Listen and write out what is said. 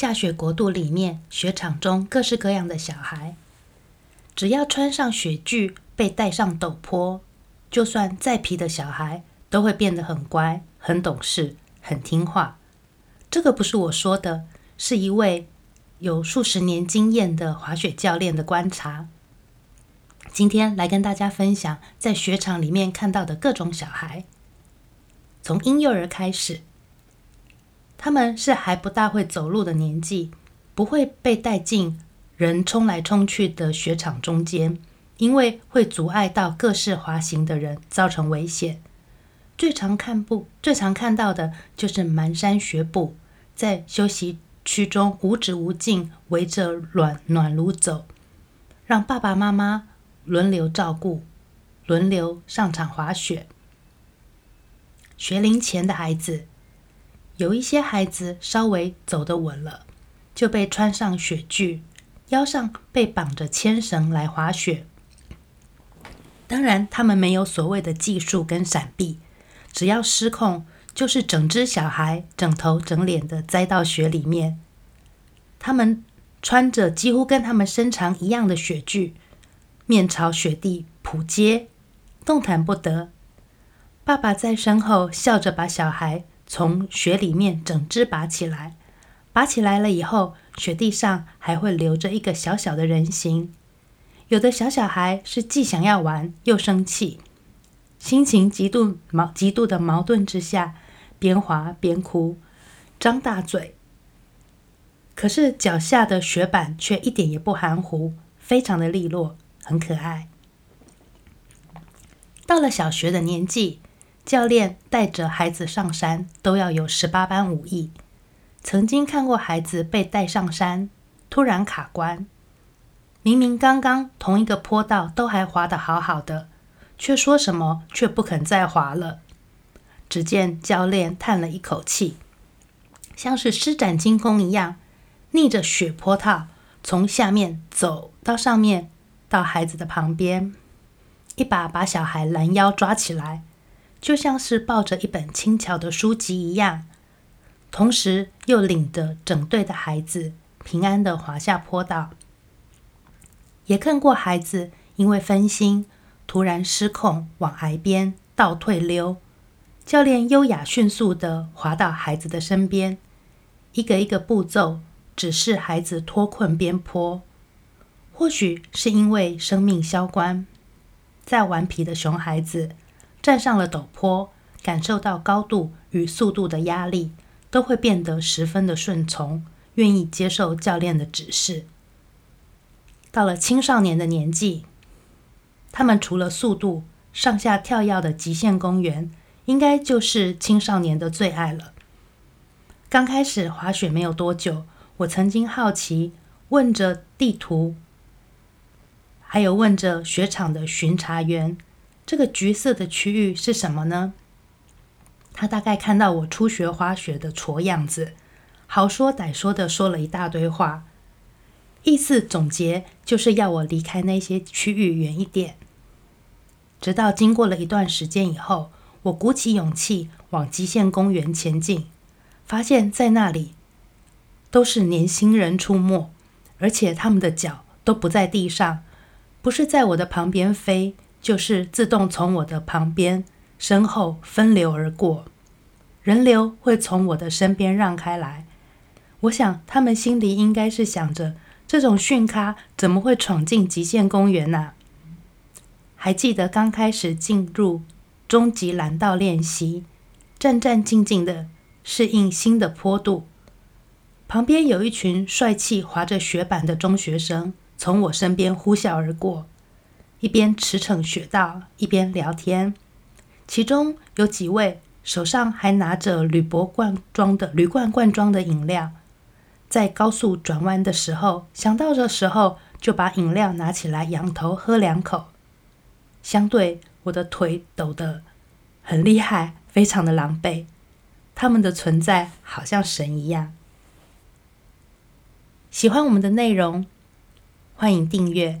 下雪國度裡面，雪場中各式各樣的小孩，只要穿上雪具，被帶上陡坡，就算再皮的小孩都會變得很乖、很懂事、很聽話。這個不是我說的，是一位有數十年經驗的滑雪教練的觀察。今天來跟大家分享在雪場裡面看到的各種小孩，從嬰幼兒開始。他們是還不大會走路的年紀，不會被帶進人沖來沖去的雪場中間，因為會阻礙到各式滑行的人，造成危險。最常看不最常看到的就是蹣跚學步，在休息區中無止無盡圍着暖暖爐走，讓爸爸媽媽輪流照顧，輪流上場滑雪。學齡前的孩子。有一些孩子稍微走得穩了，就被穿上雪具，腰上被綁着牽繩來滑雪。當然，他們沒有所謂的技術跟閃避，只要失控，就是整隻小孩、整頭、整臉的栽到雪裡面。他們穿着幾乎跟他們身長一樣的雪具，面朝雪地撲街，動彈不得。爸爸在身後笑着把小孩。從雪裡面整隻拔起來，拔起來了以後，雪地上還會留着一個小小的人形。有的小小孩是既想要玩又生氣，心情極度矛極度的矛盾之下，邊滑邊哭，張大嘴。可是腳下的雪板卻一點也不含糊，非常的利落，很可愛。到了小學的年紀，教練帶着孩子上山都要有十八般武藝。曾經看過孩子被帶上山，突然卡關，明明剛剛同一個坡道都還滑得好好的，卻說什麼卻不肯再滑了。只見教練嘆了一口氣，像是施展輕功一樣，逆着雪坡道從下面走到上面，到孩子的旁邊，一把把小孩攔腰抓起來。就像是抱着一本輕巧的書籍一樣，同時又領着整隊的孩子平安的滑下坡道。也看過孩子因為分心，突然失控往崖邊倒退溜，教練優雅迅速的滑到孩子的身邊，一個一個步驟指示孩子脫困邊坡。或許是因為生命蕭關，再頑皮的熊孩子。站上了陡坡，感受到高度與速度的壓力，都會變得十分的順從，願意接受教練的指示。到了青少年的年紀，他們除了速度，上下跳躍的極限公園，應該就是青少年的最愛了。剛開始滑雪沒有多久，我曾經好奇問着地圖，還有問着雪場的巡查員。這個橘色的區域是什麼呢？他大概看到我初學滑雪的矬樣子，好說歹說的說了一大堆話，意思總結就是要我離開那些區域遠一點。直到經過了一段時間以後，我鼓起勇氣往極限公園前進，發現在那裡都是年輕人出沒，而且他們的腳都不在地上，不是在我的旁邊飛。就是自動從我的旁邊、身後分流而過，人流會從我的身邊讓開來。我想，他們心裡應該是想着，這種遜咖怎麼會闖進極限公園呢，啊？還記得剛開始進入中級藍道練習，戰戰兢兢的適應新的坡度，旁邊有一群帥氣滑着雪板的中學生從我身邊呼嘯而過。一邊馳騁雪道，一邊聊天，其中有幾位手上還拿着鋁箔罐裝的鋁罐罐裝的飲料，在高速轉彎的時候，想到的時候就把飲料拿起來仰頭喝兩口。相對我的腿抖得很厲害，非常的狼狽。他們的存在好像神一樣。喜歡我們的內容，歡迎訂閱。